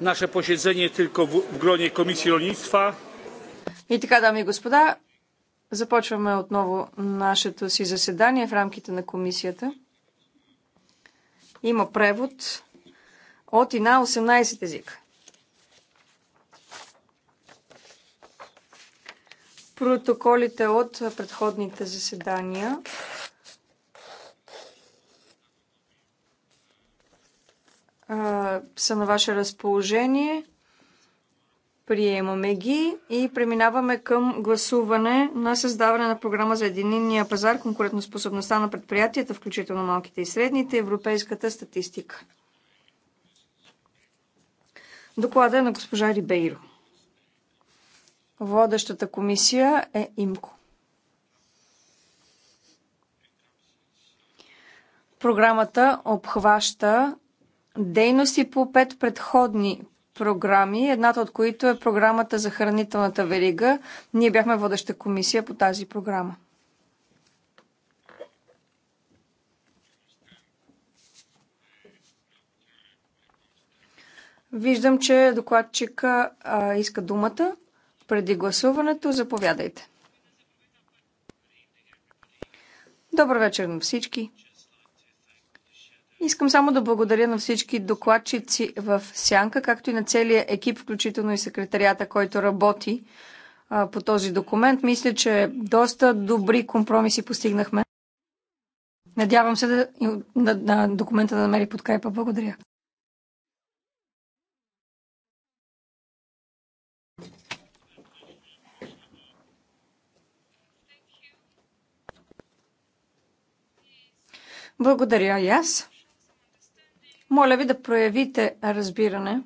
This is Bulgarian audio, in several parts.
nasze posiedzenie tylko w w gronie Komisji Rolnictwa. I И така, дами и господа, започваме отново нашето си заседание в рамките на комисията. Има превод от и на 18 езика. Протоколите от предходните заседания са на ваше разположение. Приемаме ги и преминаваме към гласуване на създаване на програма за единния пазар, конкурентоспособността на предприятията, включително малките и средните, европейската статистика. Доклада е на госпожа Рибейро. Водещата комисия е ИМКО. Програмата обхваща дейности по пет предходни програми, едната от които е програмата за хранителната верига. Ние бяхме водеща комисия по тази програма. Виждам, че докладчика а, иска думата преди гласуването. Заповядайте. Добър вечер на всички. Искам само да благодаря на всички докладчици в Сянка, както и на целия екип, включително и секретарията, който работи а, по този документ. Мисля, че доста добри компромиси постигнахме. Надявам се да, на, на документа да намери подкрепа. Благодаря. Благодаря и аз. Моля ви да проявите разбиране.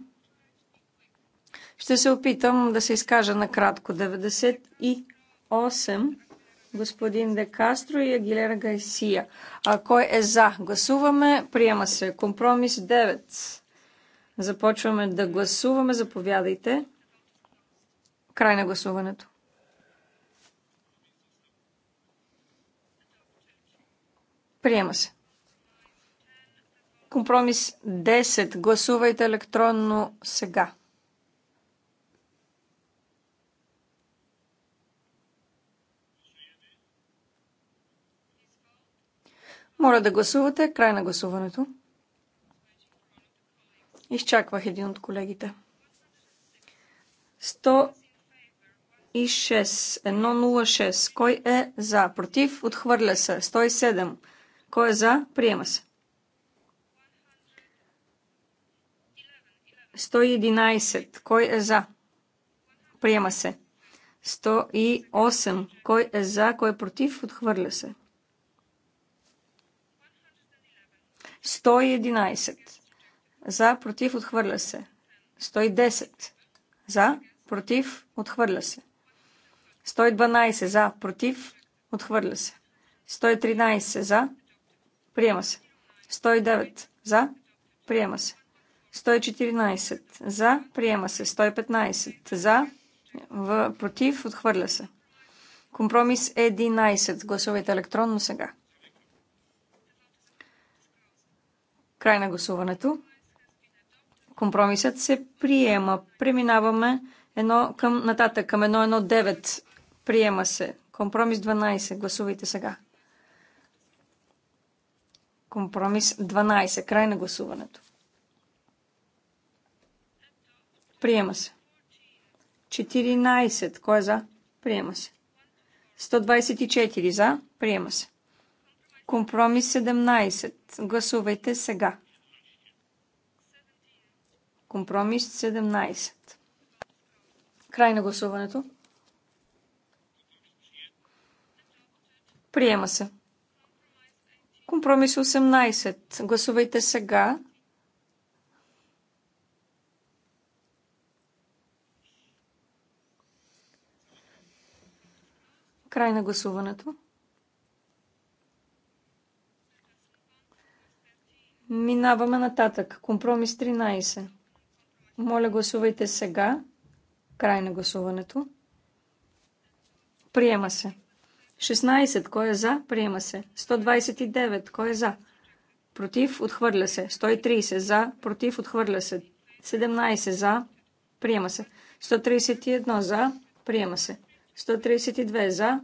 Ще се опитам да се изкажа накратко. 98 господин Де Кастро и Агилера Гайсия. А кой е за? Гласуваме. Приема се. Компромис 9. Започваме да гласуваме. Заповядайте. Край на гласуването. Приема се. Компромис 10. Гласувайте електронно сега. Моля да гласувате. Край на гласуването. Изчаквах един от колегите. 106. 106. Кой е за? Против? Отхвърля се. 107. Кой е за? Приема се. 111. Кой е за? Приема се. 108. Кой е за? Кой е против? Отхвърля се. 111. За, против, отхвърля се. 110. За, против, отхвърля се. 112. За, против, отхвърля се. 113. За, приема се. 109. За, приема се. 114 за, приема се. 115 за, в, против, отхвърля се. Компромис 11. Гласувайте електронно сега. Край на гласуването. Компромисът се приема. Преминаваме едно към, нататък към 1.1.9. Приема се. Компромис 12. Гласувайте сега. Компромис 12. Край на гласуването. Приема се. 14. Кой е за? Приема се. 124 за. Приема се. Компромис 17. Гласувайте сега. Компромис 17. Край на гласуването. Приема се. Компромис 18. Гласувайте сега. Край на гласуването. Минаваме нататък. Компромис 13. Моля, гласувайте сега. Край на гласуването. Приема се. 16. Кой е за? Приема се. 129. Кой е за? Против? Отхвърля се. 130. За? Против? Отхвърля се. 17. За? Приема се. 131. За? Приема се. 132 за.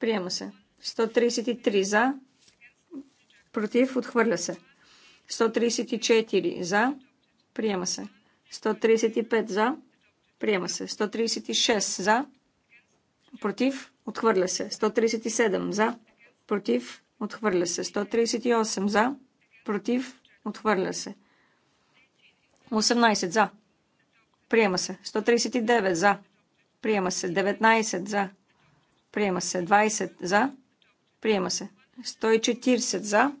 Приема се. 133 за. Против. Отхвърля се. 134 за. Приема се. 135 за. Приема се. 136 за. Против. Отхвърля се. 137 за. Против. Отхвърля се. 138 за. Против. Отхвърля се. 18 за. Приема се. 139 за. Приема се 19 за. Приема се 20 за. Приема се 140 за.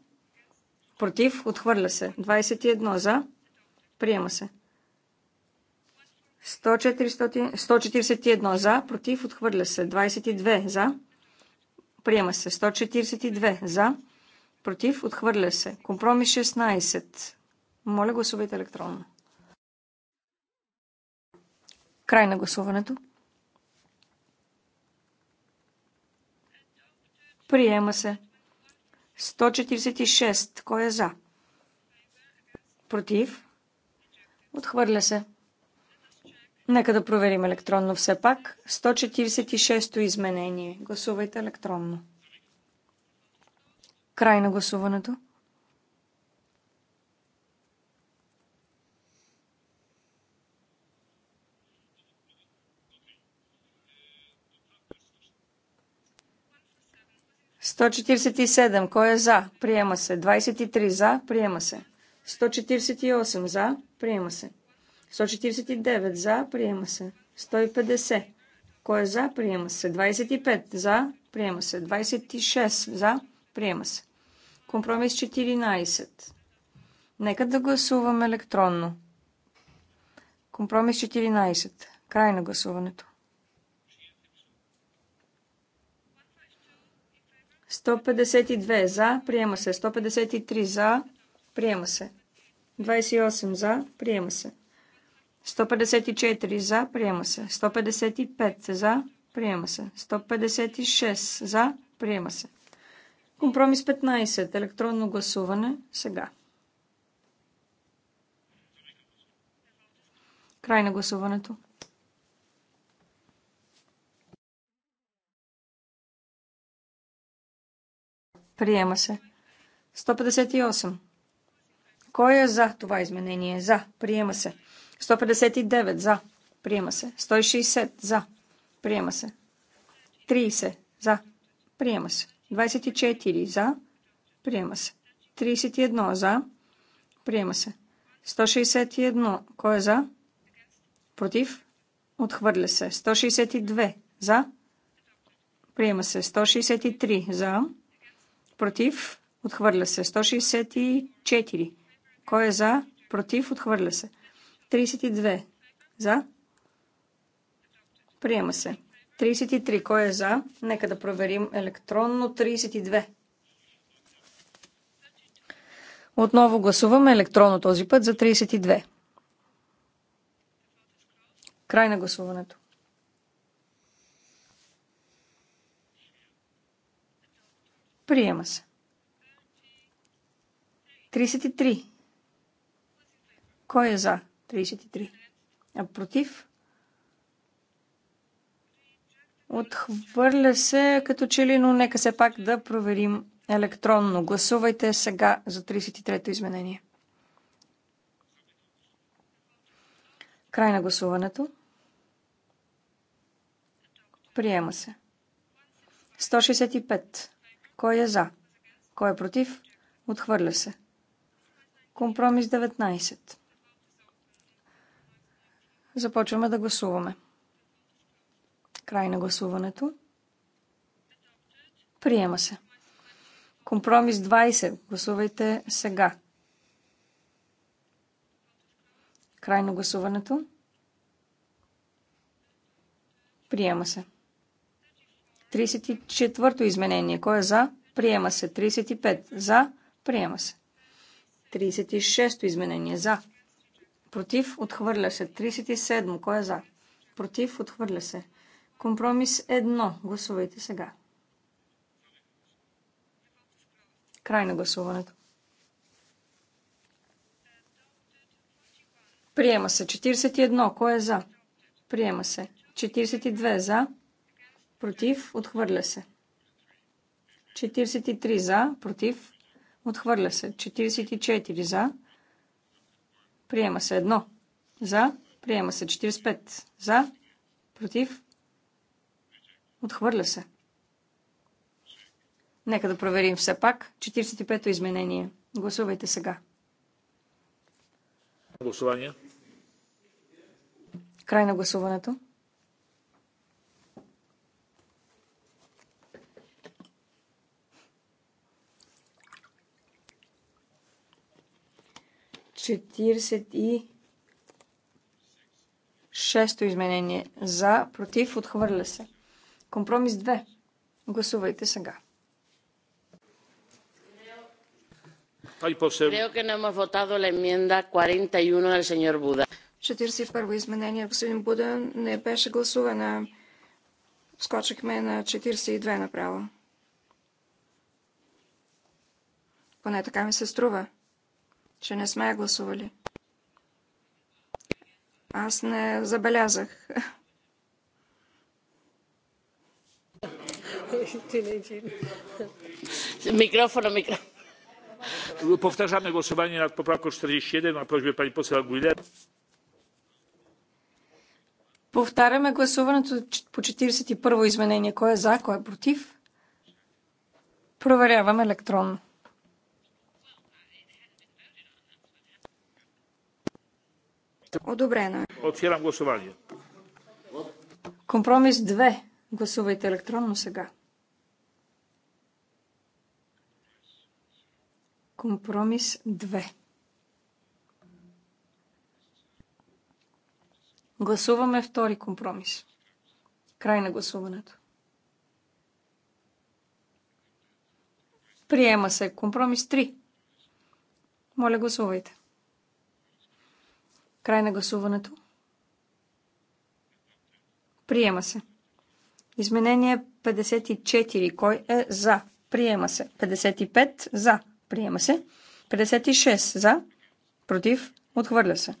Против. Отхвърля се. 21 за. Приема се. 141 за. Против. Отхвърля се. 22 за. Приема се. 142 за. Против. Отхвърля се. Компромис 16. Моля гласувайте електронно. Край на гласуването. Приема се. 146. Кой е за? Против? Отхвърля се. Нека да проверим електронно все пак. 146-то изменение. Гласувайте електронно. Край на гласуването. 147. Кой е за? Приема се. 23 за. Приема се. 148 за. Приема се. 149 за. Приема се. 150. Кой е за? Приема се. 25 за. Приема се. 26 за. Приема се. Компромис 14. Нека да гласуваме електронно. Компромис 14. Край на гласуването. 152 за, приема се. 153 за, приема се. 28 за, приема се. 154 за, приема се. 155 за, приема се. 156 за, приема се. Компромис 15. Електронно гласуване сега. Край на гласуването. Приема се. 158. Кой е за това изменение? За. Приема се. 159. За. Приема се. 160. За. Приема се. 30. За. Приема се. 24. За. Приема се. 31. За. Приема се. 161. Кой е за? Против? Отхвърля се. 162. За. Приема се. 163. За против, отхвърля се. 164. Кой е за, против, отхвърля се. 32. За. Приема се. 33. Кой е за? Нека да проверим електронно. 32. Отново гласуваме електронно този път за 32. Край на гласуването. Приема се. 33. Кой е за 33? А против? Отхвърля се като че ли, но нека се пак да проверим електронно. Гласувайте сега за 33-то изменение. Край на гласуването. Приема се. 165. Кой е за? Кой е против? Отхвърля се. Компромис 19. Започваме да гласуваме. Край на гласуването. Приема се. Компромис 20. Гласувайте сега. Край на гласуването. Приема се. 34-то изменение. Кой е за? Приема се. 35. За? Приема се. 36-то изменение. За. Против? Отхвърля се. 37. Кой е за? Против? Отхвърля се. Компромис 1. Гласувайте сега. Край на гласуването. Приема се. 41. Кой е за? Приема се. 42 за против, отхвърля се. 43 за, против, отхвърля се. 44 за, приема се. 1 за, приема се. 45 за, против, отхвърля се. Нека да проверим все пак. 45-то изменение. Гласувайте сега. Гласувание. Край на гласуването. 46 изменение. За, против, отхвърля се. Компромис 2. Гласувайте сега. Creo que no hemos votado la enmienda 41 del señor Buda. 41 изменение, господин Буда, не беше гласувана. Скочихме на 42 направо. Поне така ми се струва че не сме гласували. Аз не забелязах. Микрофона, микрофона. Powtarzamy гласуване nad поправка 41 на просьба пани poseł Гуиле. Повтаряме гласуването по 41-во изменение. Кой е за, кой е против? Проверяваме електронно. Одобрено. Е. Отвирам гласуване. Компромис 2. Гласувайте електронно сега. Компромис 2. Гласуваме втори компромис. Край на гласуването. Приема се компромис 3. Моля, гласувайте. Край на гласуването. Приема се. Изменение 54. Кой е за? Приема се. 55. За. Приема се. 56. За. Против. Отхвърля се.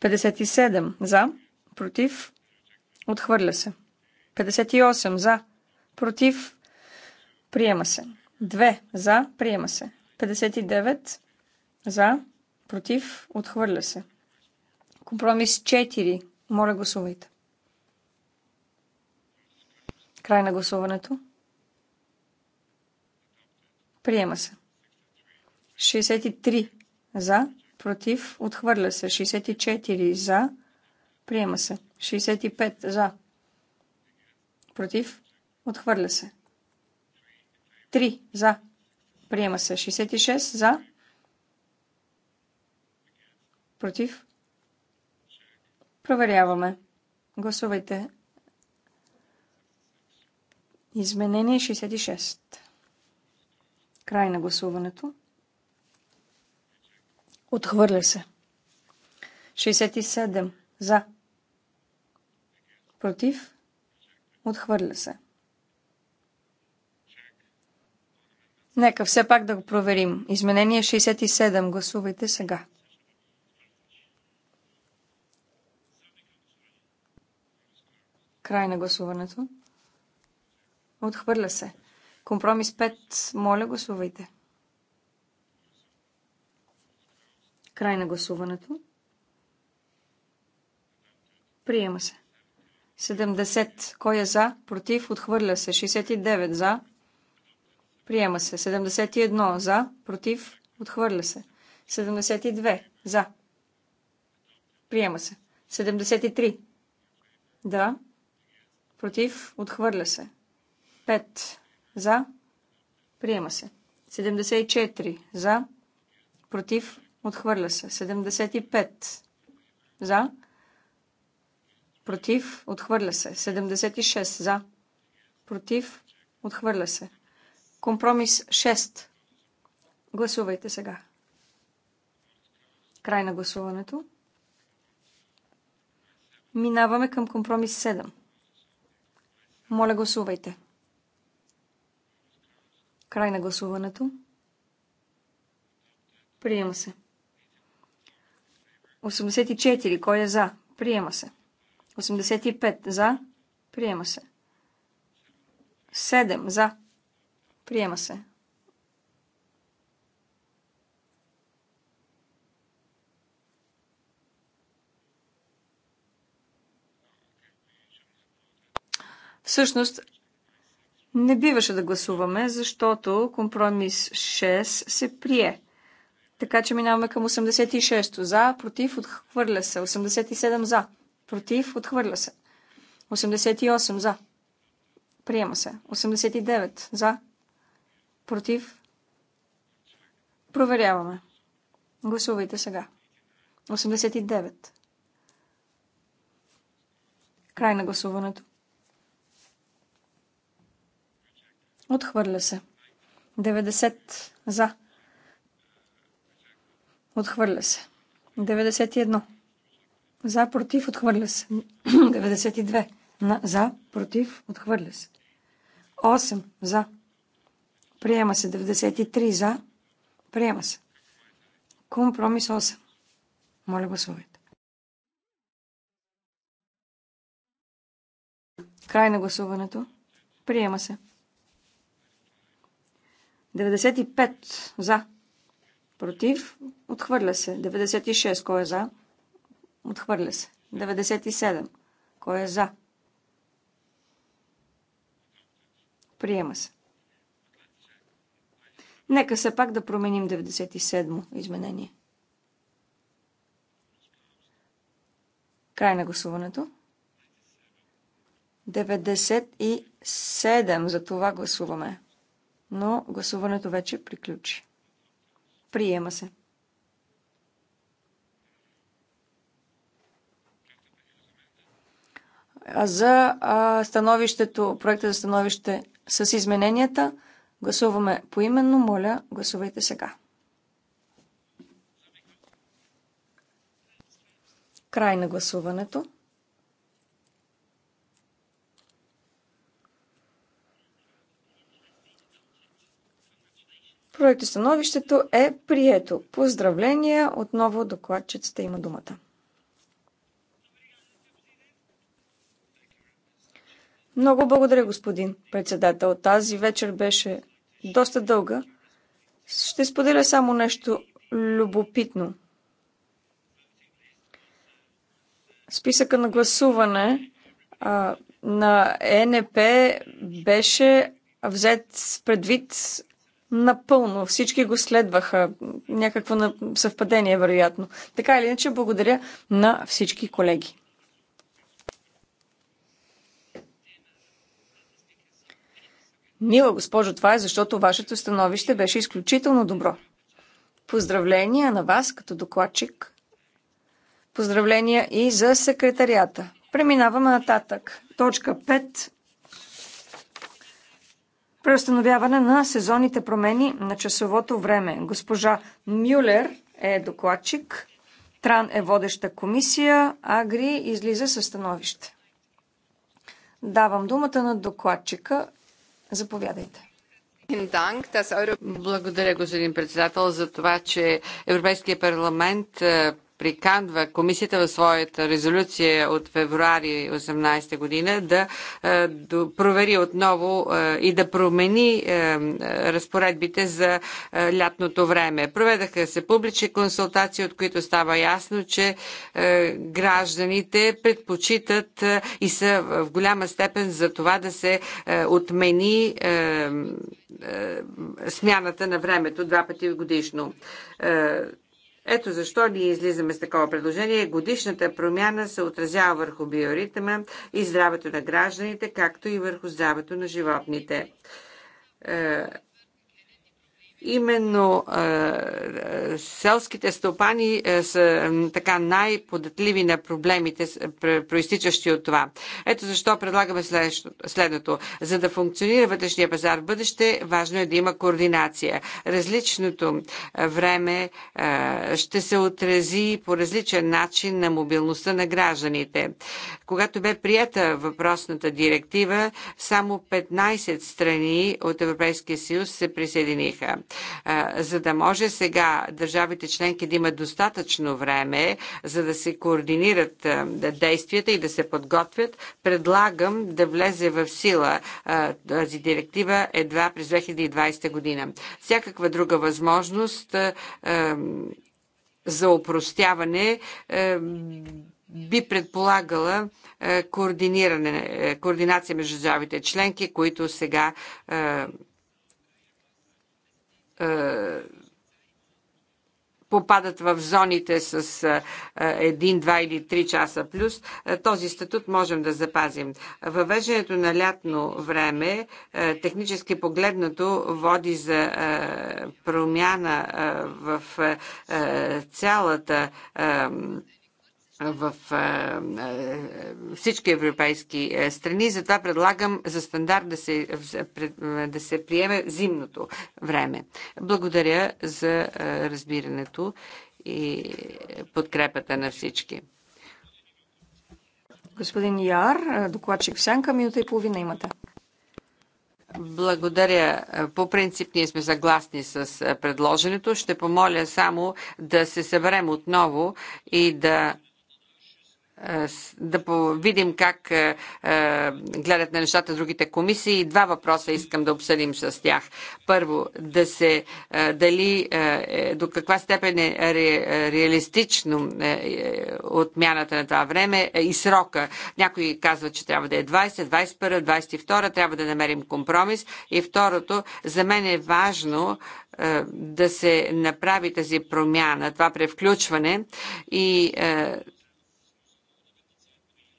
57. За. Против. Отхвърля се. 58. За. Против. Приема се. 2. За. Приема се. 59. За. Против. Отхвърля се. Компромис 4. Моля, гласувайте. Край на гласуването. Приема се. 63 за, против, отхвърля се. 64 за, приема се. 65 за, против, отхвърля се. 3 за, приема се. 66 за, против, Проверяваме. Гласувайте. Изменение 66. Край на гласуването. Отхвърля се. 67. За. Против. Отхвърля се. Нека все пак да го проверим. Изменение 67. Гласувайте сега. Край на гласуването. Отхвърля се. Компромис 5. Моля, гласувайте. Край на гласуването. Приема се. 70. Кой е за? Против? Отхвърля се. 69. За? Приема се. 71. За? Против? Отхвърля се. 72. За? Приема се. 73. Да. Против. Отхвърля се. 5. За. Приема се. 74. За. Против. Отхвърля се. 75. За. Против. Отхвърля се. 76. За. Против. Отхвърля се. Компромис 6. Гласувайте сега. Край на гласуването. Минаваме към компромис 7. Моля, гласувайте. Край на гласуването. Приема се. 84. Кой е за? Приема се. 85. За? Приема се. 7. За? Приема се. Всъщност, не биваше да гласуваме, защото компромис 6 се прие. Така че минаваме към 86 За, против, отхвърля се. 87 за. Против, отхвърля се. 88 за. Приема се. 89 за. Против. Проверяваме. Гласувайте сега. 89. Край на гласуването. Отхвърля се. 90 за. Отхвърля се. 91. За, против, отхвърля се. 92. На, за, против, отхвърля се. 8. За. Приема се. 93. За. Приема се. Компромис 8. Моля гласувайте. Край на гласуването. Приема се. 95 за. Против. Отхвърля се. 96. Кой е за? Отхвърля се. 97. Кой е за? Приема се. Нека се пак да променим 97 изменение. Край на гласуването. 97. За това гласуваме но гласуването вече приключи. Приема се. За становището, проекта за становище с измененията гласуваме поименно. Моля, гласувайте сега. Край на гласуването. Проектостановището е прието. Поздравления! Отново докладчицата има думата. Много благодаря, господин председател. Тази вечер беше доста дълга. Ще споделя само нещо любопитно. Списъка на гласуване а, на ЕНП беше взет предвид напълно. Всички го следваха. Някакво съвпадение, вероятно. Така или иначе, благодаря на всички колеги. Мила госпожо, това е защото вашето становище беше изключително добро. Поздравления на вас като докладчик. Поздравления и за секретарията. Преминаваме нататък. Точка 5 преустановяване на сезонните промени на часовото време. Госпожа Мюлер е докладчик. Тран е водеща комисия. Агри излиза със становище. Давам думата на докладчика. Заповядайте. Благодаря, господин председател, за това, че Европейския парламент е, приканва комисията в своята резолюция от февруари 18 година да е, провери отново е, и да промени е, разпоредбите за лятното време. Проведаха се публични консултации, от които става ясно, че гражданите предпочитат и са в голяма степен за това да се отмени смяната на времето два пъти годишно. Ето защо ние излизаме с такова предложение. Годишната промяна се отразява върху биоритъма и здравето на гражданите, както и върху здравето на животните е, Именно селските стопани са така най-податливи на проблемите, проистичащи от това. Ето защо предлагаме следното. За да функционира вътрешния пазар в бъдеще, важно е да има координация. Различното време ще се отрази по различен начин на мобилността на гражданите. Когато бе прията въпросната директива, само 15 страни от Европейския съюз се присъединиха. За да може сега държавите членки да имат достатъчно време, за да се координират действията и да се подготвят, предлагам да влезе в сила тази директива едва през 2020 година. Всякаква друга възможност за упростяване е, би предполагала е, координиране, е, координация между държавите членки, които сега е, попадат в зоните с 1, е, 2 или 3 часа плюс, е, този статут можем да запазим. Въвеждането на лятно време, технически погледнато, води за промяна в цялата в е, е, всички европейски е, страни. Затова предлагам за стандарт да се, да се приеме зимното време. Благодаря за разбирането и подкрепата на всички. Господин Яр, докладчик в сянка, минута и половина имате. Благодаря. По принцип ние сме съгласни с предложенето. Ще помоля само да се съберем отново и да да видим как гледат на нещата другите комисии. Два въпроса искам да обсъдим с тях. Първо, да се дали е, до каква степен е реалистично е, е, отмяната на това време и срока. Някои казват, че трябва да е 20, 21, 22, трябва да намерим компромис. И второто, за мен е важно да се направи тази промяна, това превключване и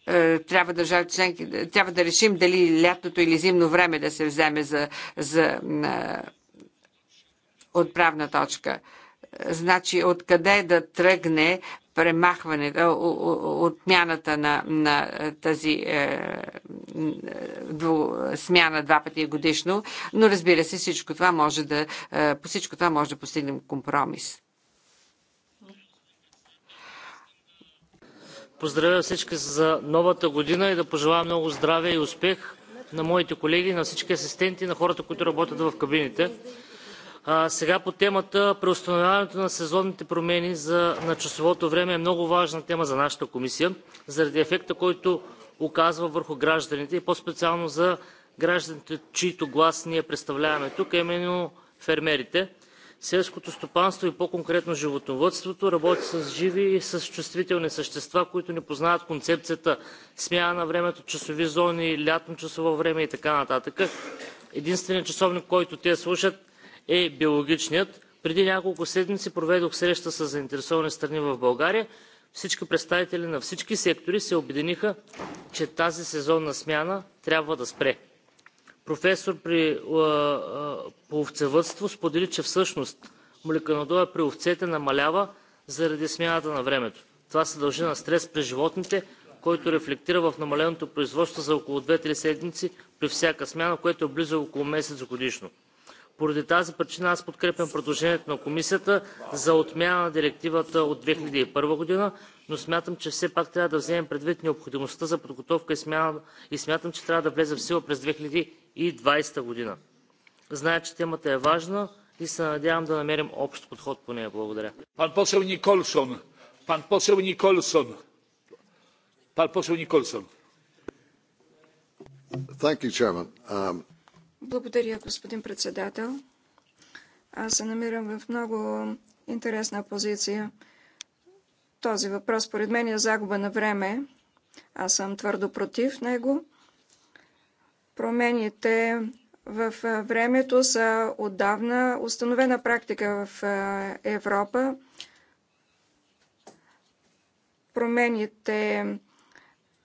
е, трябва, държави членки, трябва да решим дали лятното или зимно време да се вземе за, за е, отправна точка. Значи, откъде да тръгне премахването, е, отмяната на, на тази е, дву, смяна два пъти годишно, но разбира се, всичко това може да, по всичко това може да постигнем компромис. поздравя всички за новата година и да пожелая много здраве и успех на моите колеги, на всички асистенти и на хората, които работят в кабините. Сега по темата. Преустановяването на сезонните промени на часовото време е много важна тема за нашата комисия заради ефекта, който оказва върху гражданите и по-специално за гражданите, чийто глас ние представляваме тук, именно фермерите селското стопанство и по-конкретно животновътството, работи с живи и с чувствителни същества, които не познават концепцията смяна на времето, часови зони, лятно часово време и така нататък. Единственият часовник, който те слушат е биологичният. Преди няколко седмици проведох среща с заинтересовани страни в България. Всички представители на всички сектори се обединиха, че тази сезонна смяна трябва да спре. Професор при овцевъдство сподели, че всъщност мулеканодоя при овцете намалява заради смяната на времето. Това се дължи на стрес при животните, който рефлектира в намаленото производство за около 2-3 седмици при всяка смяна, което е близо около месец годишно. Поради тази причина аз подкрепям предложението на Комисията за отмяна на Директивата от 2001 г., но смятам, че все пак трябва да вземем предвид необходимостта за подготовка и смятам, че трябва да влезе в сила през 2020 г. Зная, че темата е важна и се надявам да намерим общ подход по нея. Благодаря. Пан посел Николсон. Пан посел Николсон. Пан посел Николсон. Thank you, Chairman. Um, благодаря, господин председател. Аз се намирам в много интересна позиция. Този въпрос, Поред мен, е загуба на време. Аз съм твърдо против него. Промените в времето са отдавна установена практика в Европа. Промените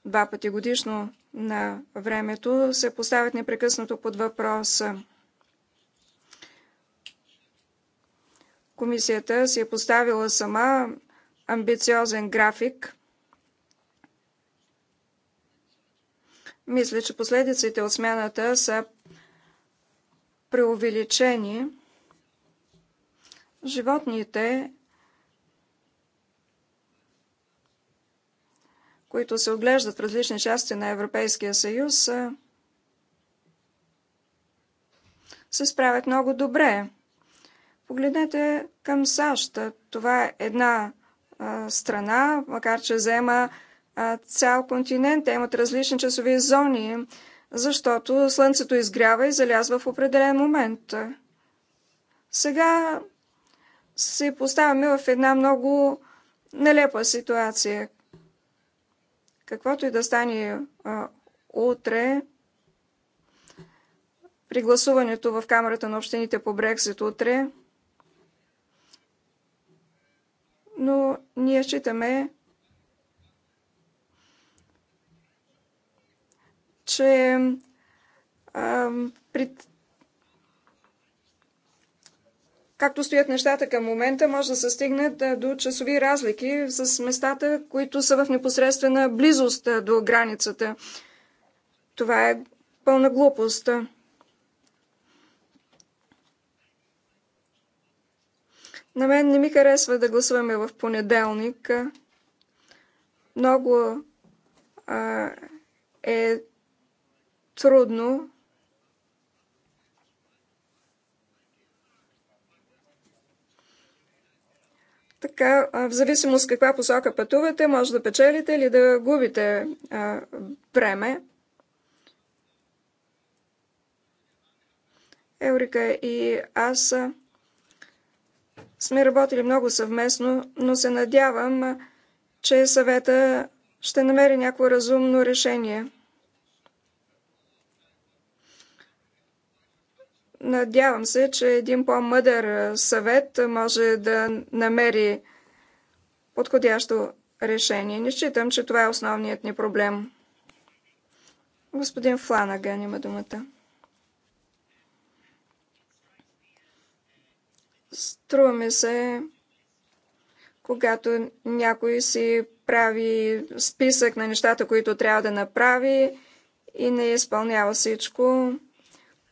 два пъти годишно на времето се поставят непрекъснато под въпроса. Комисията си е поставила сама амбициозен график. Мисля, че последиците от смяната са преувеличени. Животните които се отглеждат в различни части на Европейския съюз, се справят много добре. Погледнете към САЩ. Това е една страна, макар че взема цял континент. Те имат различни часови зони, защото слънцето изгрява и залязва в определен момент. Сега се поставяме в една много нелепа ситуация. Каквото и да стане утре, при гласуването в Камерата на общините по Брексит утре, но ние считаме, че а, при Както стоят нещата към момента, може да се стигне до часови разлики с местата, които са в непосредствена близост до границата. Това е пълна глупост. На мен не ми харесва да гласуваме в понеделник. Много а, е трудно Така, в зависимост каква посока пътувате, може да печелите или да губите а, време. Еврика и аз сме работили много съвместно, но се надявам, че съвета ще намери някакво разумно решение. Надявам се, че един по-мъдър съвет може да намери подходящо решение. Не считам, че това е основният ни проблем. Господин Фланаган има думата. Струва ми се, когато някой си прави списък на нещата, които трябва да направи и не изпълнява всичко,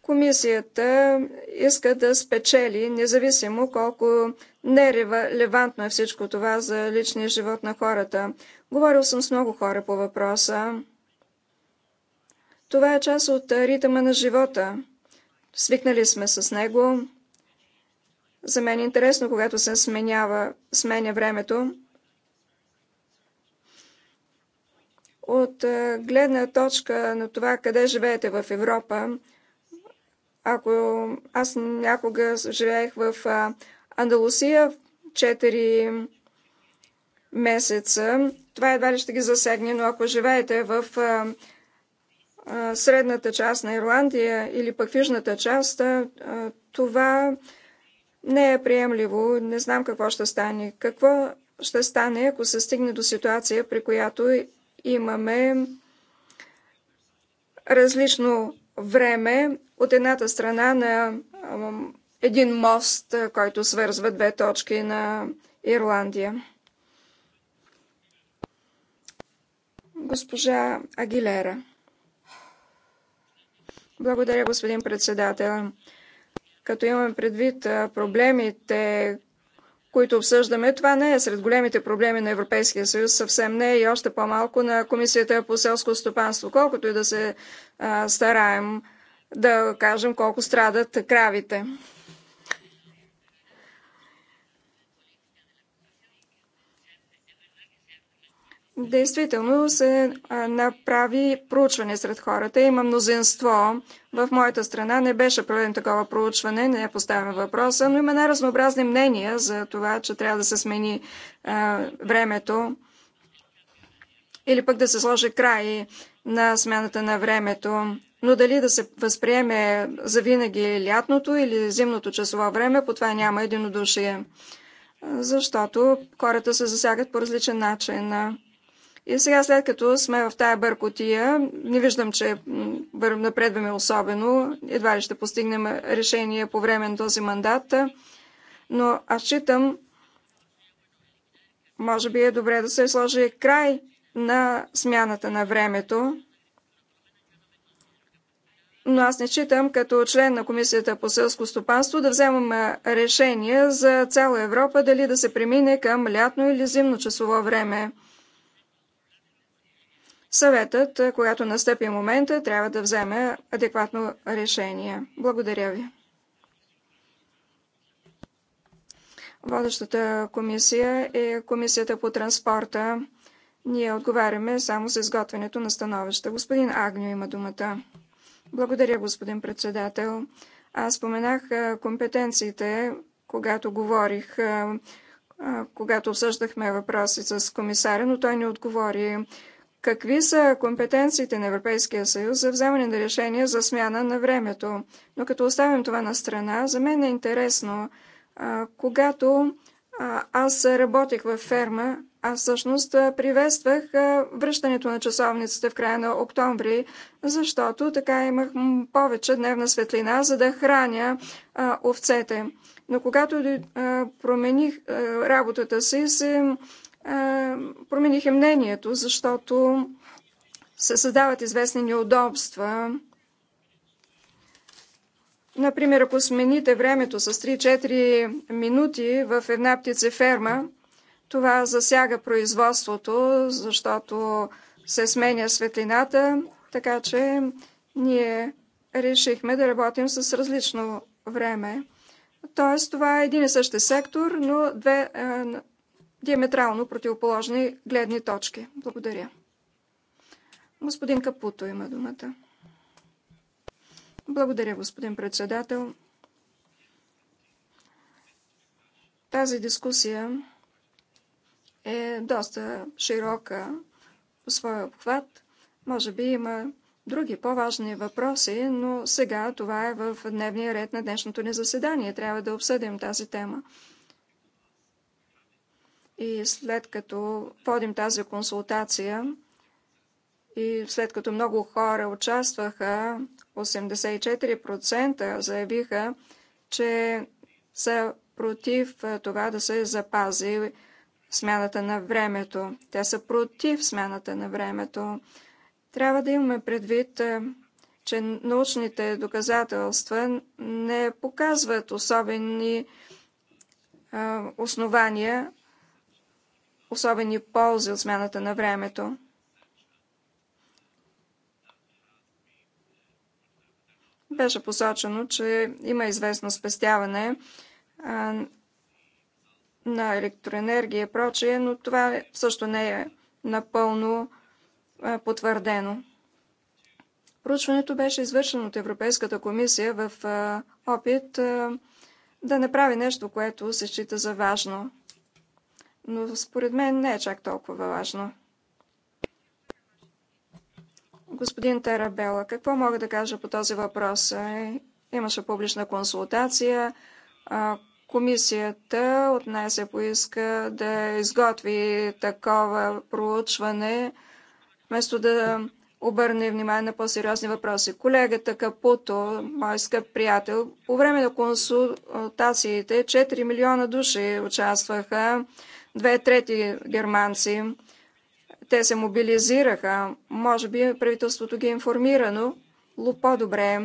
Комисията иска да спечели, независимо колко нерелевантно е всичко това за личния живот на хората. Говорил съм с много хора по въпроса. Това е част от ритъма на живота. Свикнали сме с него. За мен е интересно, когато се сменява, сменя времето. От гледна точка на това къде живеете в Европа, ако аз някога живеех в Андалусия 4 месеца, това едва ли ще ги засегне, но ако живеете в средната част на Ирландия или пък в южната част, това не е приемливо. Не знам какво ще стане. Какво ще стане, ако се стигне до ситуация, при която имаме различно време от едната страна на един мост, който свързва две точки на Ирландия. Госпожа Агилера. Благодаря, господин председател. Като имаме предвид проблемите, които обсъждаме, това не е сред големите проблеми на Европейския съюз, съвсем не е и още по-малко на Комисията по селско стопанство. Колкото и да се а, стараем, да кажем колко страдат кравите. Действително се направи проучване сред хората. Има мнозинство. В моята страна не беше проведено такова проучване, не е поставям въпроса, но има най-разнообразни мнения за това, че трябва да се смени а, времето или пък да се сложи край на смяната на времето но дали да се възприеме за винаги лятното или зимното часово време, по това няма единодушие, защото хората се засягат по различен начин. И сега, след като сме в тая бъркотия, не виждам, че напредваме особено, едва ли ще постигнем решение по време на този мандат, но аз считам, може би е добре да се сложи край на смяната на времето, но аз не читам като член на Комисията по селско стопанство да вземам решение за цяла Европа дали да се премине към лятно или зимно часово време. Съветът, когато настъпи момента, трябва да вземе адекватно решение. Благодаря ви. Водещата комисия е Комисията по транспорта. Ние отговаряме само за изготвянето на становища. Господин Агню има думата. Благодаря, господин председател. Аз споменах компетенциите, когато говорих, когато обсъждахме въпроси с комисаря, но той не отговори. Какви са компетенциите на Европейския съюз за вземане на решение за смяна на времето? Но като оставим това на страна, за мен е интересно, когато аз работех във ферма, аз всъщност приветствах връщането на часовниците в края на октомври, защото така имах повече дневна светлина, за да храня овцете. Но когато промених работата си, се промених и мнението, защото се създават известни неудобства. Например, ако смените времето с 3-4 минути в една птицеферма, ферма, това засяга производството, защото се сменя светлината, така че ние решихме да работим с различно време. Тоест, това е един и същи сектор, но две е, диаметрално противоположни гледни точки. Благодаря. Господин Капуто има думата. Благодаря, господин председател. Тази дискусия е доста широка по своя обхват. Може би има други по-важни въпроси, но сега това е в дневния ред на днешното ни заседание. Трябва да обсъдим тази тема. И след като водим тази консултация и след като много хора участваха, 84% заявиха, че са против това да се запази смяната на времето. Те са против смяната на времето. Трябва да имаме предвид, е, че научните доказателства не показват особени е, основания, особени ползи от смяната на времето. Беше посочено, че има известно спестяване е, на електроенергия и прочее, но това също не е напълно потвърдено. Проучването беше извършено от Европейската комисия в опит да направи нещо, което се счита за важно. Но според мен не е чак толкова важно. Господин Тарабела, какво мога да кажа по този въпрос? Е, имаше публична консултация, Комисията от нас се поиска да изготви такова проучване, вместо да обърне внимание на по-сериозни въпроси. Колегата Капуто, мой скъп приятел, по време на консултациите 4 милиона души участваха, две трети германци. Те се мобилизираха. Може би правителството ги е информирано по-добре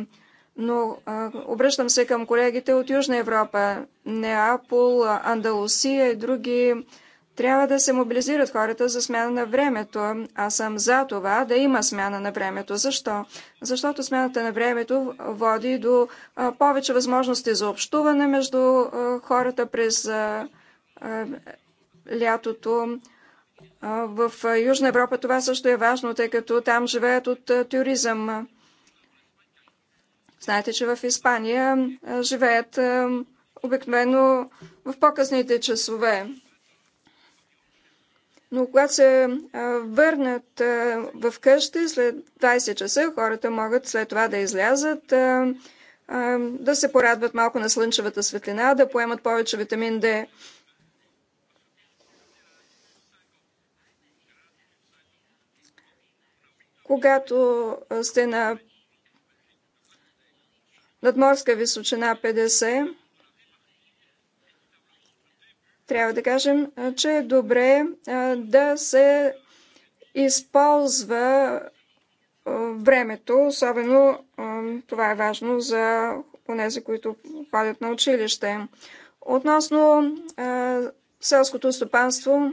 но а, обръщам се към колегите от Южна Европа, Неапол, Андалусия и други. Трябва да се мобилизират хората за смяна на времето. Аз съм за това да има смяна на времето. Защо? Защото смяната на времето води до а, повече възможности за общуване между а, хората през а, а, лятото. А, в Южна Европа това също е важно, тъй като там живеят от а, туризъм. Знаете, че в Испания живеят обикновено в по-късните часове. Но когато се върнат в къщи след 20 часа, хората могат след това да излязат, да се порадват малко на слънчевата светлина, да поемат повече витамин D. Когато сте на надморска височина 50, трябва да кажем, че е добре да се използва времето, особено това е важно за понези, които ходят на училище. Относно селското стопанство,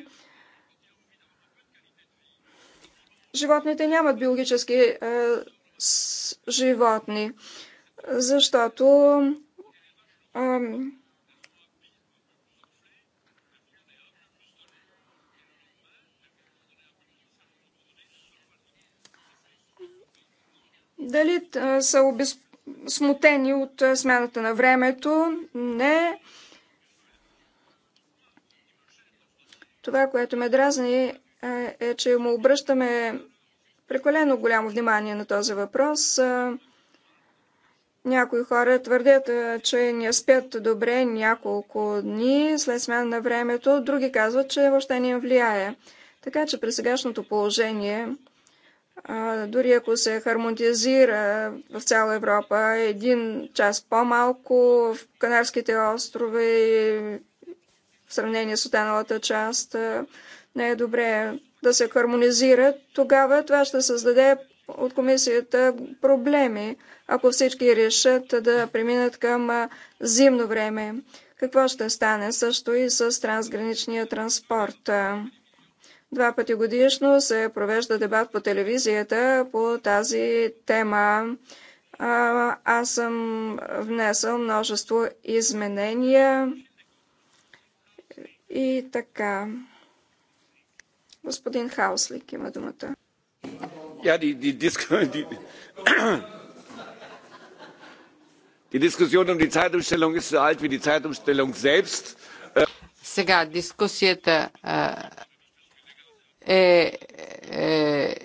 животните нямат биологически животни защото ам, дали са обезпокоени смутени от смяната на времето. Не. Това, което ме дразни, е, че му обръщаме прекалено голямо внимание на този въпрос. Някои хора твърдят, че не спят добре няколко дни след смяна на времето, други казват, че въобще не им влияе. Така че при сегашното положение, дори ако се хармонизира в цяла Европа един час по-малко в Канарските острови в сравнение с останалата част, не е добре да се хармонизира, тогава това ще създаде от комисията проблеми, ако всички решат да преминат към зимно време. Какво ще стане също и с трансграничния транспорт? Два пъти годишно се провежда дебат по телевизията по тази тема. Аз съм внесъл множество изменения и така. Господин Хауслик има думата. Ja, die, die, Disku die, die Diskussion um die Zeitumstellung ist so alt wie die Zeitumstellung selbst. Сега дискусията е, е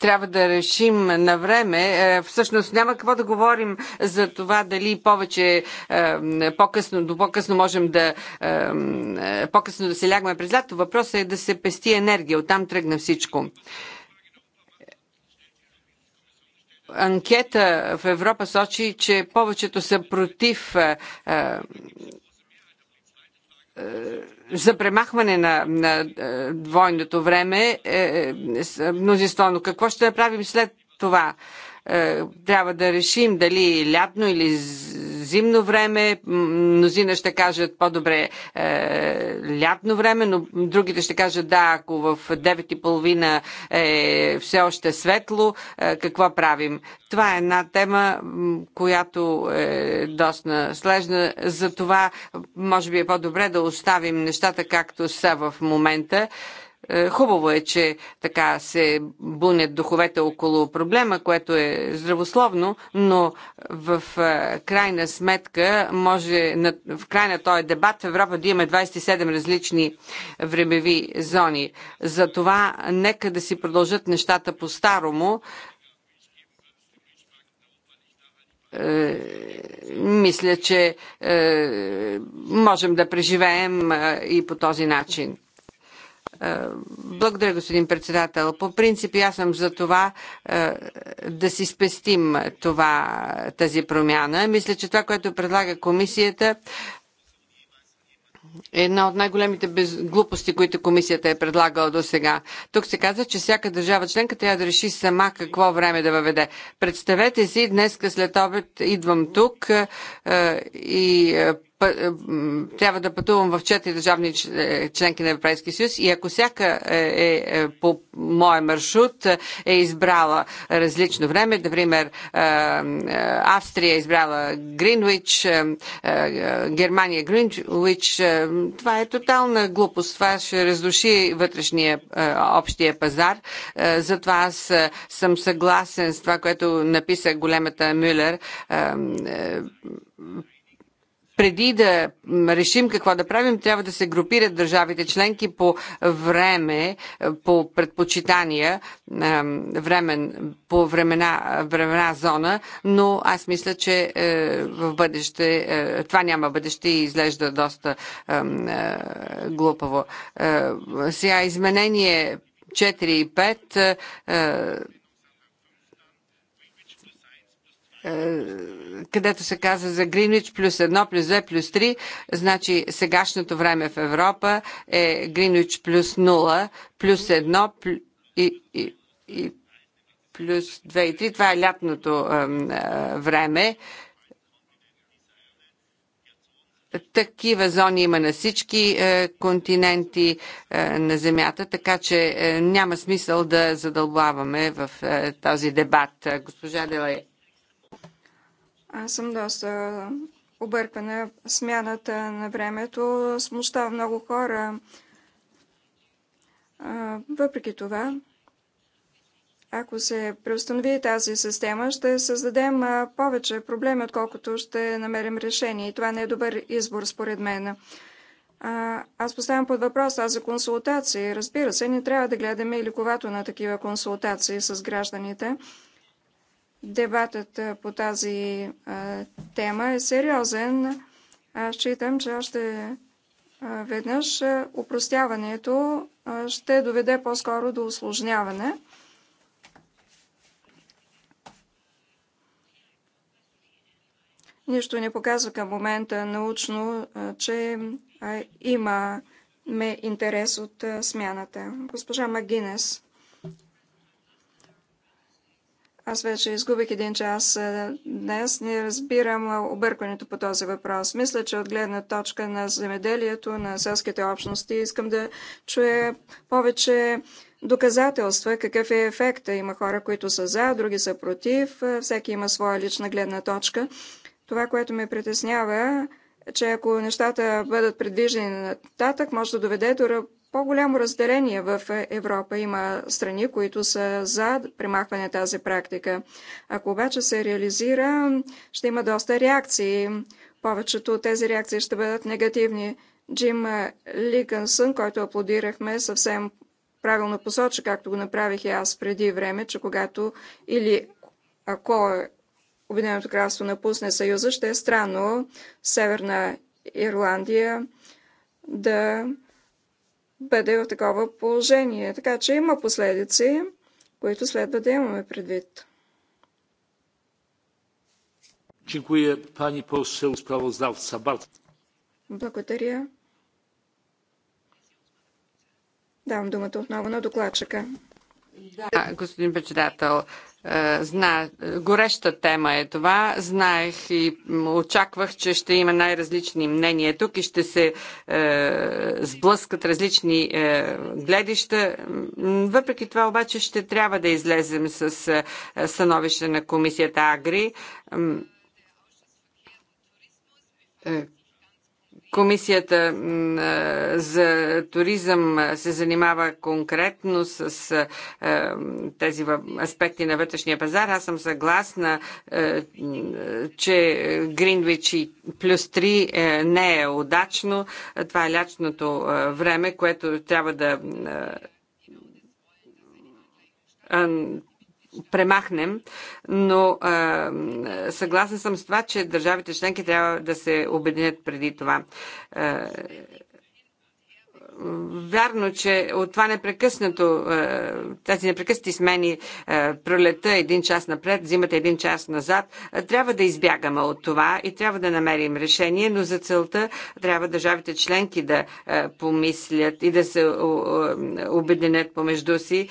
трябва да решим на време. Е, всъщност няма какво да говорим за това дали повече е, по-късно, до по-късно можем да е, по-късно да се лягаме през лято. Въпросът е да се пести енергия. Оттам тръгна всичко анкета в Европа сочи, че повечето са против е, е, е, за премахване на, на двойното време. Е, мнозинствено. Какво ще направим след това? Е, трябва да решим дали лятно или зимно време. Мнозина ще кажат по-добре е, лятно време, но другите ще кажат да, ако в 9.30 е все още светло, е, какво правим? Това е една тема, която е доста слежна. това може би е по-добре да оставим нещата както са в момента. Е, хубаво е, че така се бунят духовете около проблема, което е здравословно, но в е, крайна сметка може в край на този дебат в Европа да имаме 27 различни времеви зони. Затова нека да си продължат нещата по-старому, е, мисля, че можем да преживеем и по този начин. Е, благодаря, господин председател. По принцип, аз съм за това е, да си спестим това, тази промяна. Мисля, че това, което предлага комисията, е една от най-големите без... глупости, които комисията е предлагала до сега. Тук се казва, че всяка държава членка трябва да реши сама какво време да въведе. Представете си, днес след обед идвам тук е, и е, трябва да пътувам в четири държавни е, членки на Европейския съюз и ако всяка е, е по моя маршрут е избрала различно време, например Австрия е избрала Гринвич, Германия Гринвич, това е тотална глупост, това ще разруши вътрешния общия пазар, затова аз съм съгласен с това, което написа големата Мюлер преди да решим какво да правим, трябва да се групират държавите членки по време, по предпочитания, времен, по времена, времена зона, но аз мисля, че е, в бъдеще, е, това няма бъдеще и изглежда доста е, глупаво. Сега изменение 4 и 5 Е, където се казва за Гринвич плюс 1, плюс 2, плюс 3, значи сегашното време в Европа е Гринвич плюс 0, плюс 1 плюс и, и, и плюс 2 и 3. Това е лятното е, време. Такива зони има на всички е, континенти е, на Земята, така че е, няма смисъл да задълбаваме в е, този дебат. Е, госпожа Делай. Аз съм доста объркана. Смяната на времето смущава много хора. Въпреки това, ако се преустанови тази система, ще създадем повече проблеми, отколкото ще намерим решение. И това не е добър избор, според мен. Аз поставям под въпрос тази консултация. Разбира се, не трябва да гледаме и ликовато на такива консултации с гражданите. Дебатът по тази тема е сериозен. Аз считам, че още веднъж упростяването ще доведе по-скоро до осложняване. Нищо не показва към момента научно, че имаме интерес от смяната. Госпожа Магинес. Аз вече изгубих един час е, днес. Не разбирам е, объркването по този въпрос. Мисля, че от гледна точка на земеделието, на селските общности, искам да чуя повече доказателства, какъв е ефекта. Има хора, които са за, други са против. Е, всеки има своя лична гледна точка. Това, което ме притеснява, че ако нещата бъдат предвижени нататък, може да доведе до по-голямо разделение в Европа. Има страни, които са за примахване на тази практика. Ако обаче се реализира, ще има доста реакции. Повечето от тези реакции ще бъдат негативни. Джим Лигансън, който аплодирахме, съвсем правилно посочи, както го направих и аз преди време, че когато или ако Обединеното кралство напусне Съюза, ще е странно Северна Ирландия да бъде в такова положение. Така че има последици, които следва да имаме предвид. Благодаря. Давам думата отново на докладчика. Да, господин председател. Е, зна... Гореща тема е това. Знаех и очаквах, че ще има най-различни мнения тук и ще се е, сблъскат различни е, гледища. Въпреки това обаче ще трябва да излезем с е, становище на комисията Агри. Е, Комисията за туризъм се занимава конкретно с тези аспекти на вътрешния пазар. Аз съм съгласна, че Гринвич и плюс 3 е, не е удачно. Това е лячното време, което трябва да премахнем, но а, съгласен съм с това, че държавите членки трябва да се обединят преди това. А, вярно, че от това непрекъснато, е, тези непрекъснати смени е, пролета един час напред, зимата един час назад, е, трябва да избягаме от това и трябва да намерим решение, но за целта трябва държавите членки да помислят и да се обединят помежду си,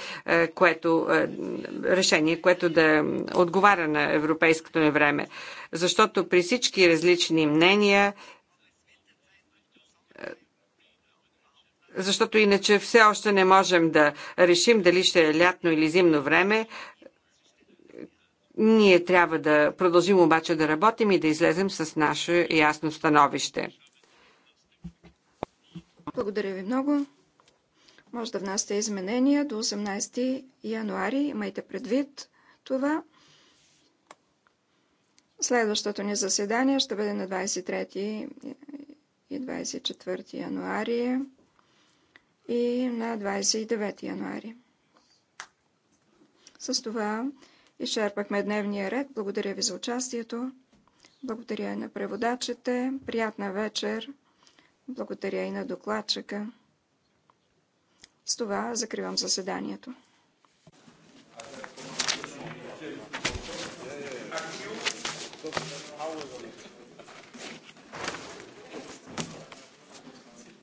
което решение, което да отговаря на европейското ни време. Защото при всички различни мнения защото иначе все още не можем да решим дали ще е лятно или зимно време. Ние трябва да продължим обаче да работим и да излезем с наше ясно становище. Благодаря ви много. Може да внасяте изменения до 18 януари. Имайте предвид това. Следващото ни заседание ще бъде на 23 и 24 януари и на 29 януари. С това изчерпахме дневния ред. Благодаря ви за участието. Благодаря и на преводачите. Приятна вечер. Благодаря и на докладчика. С това закривам заседанието.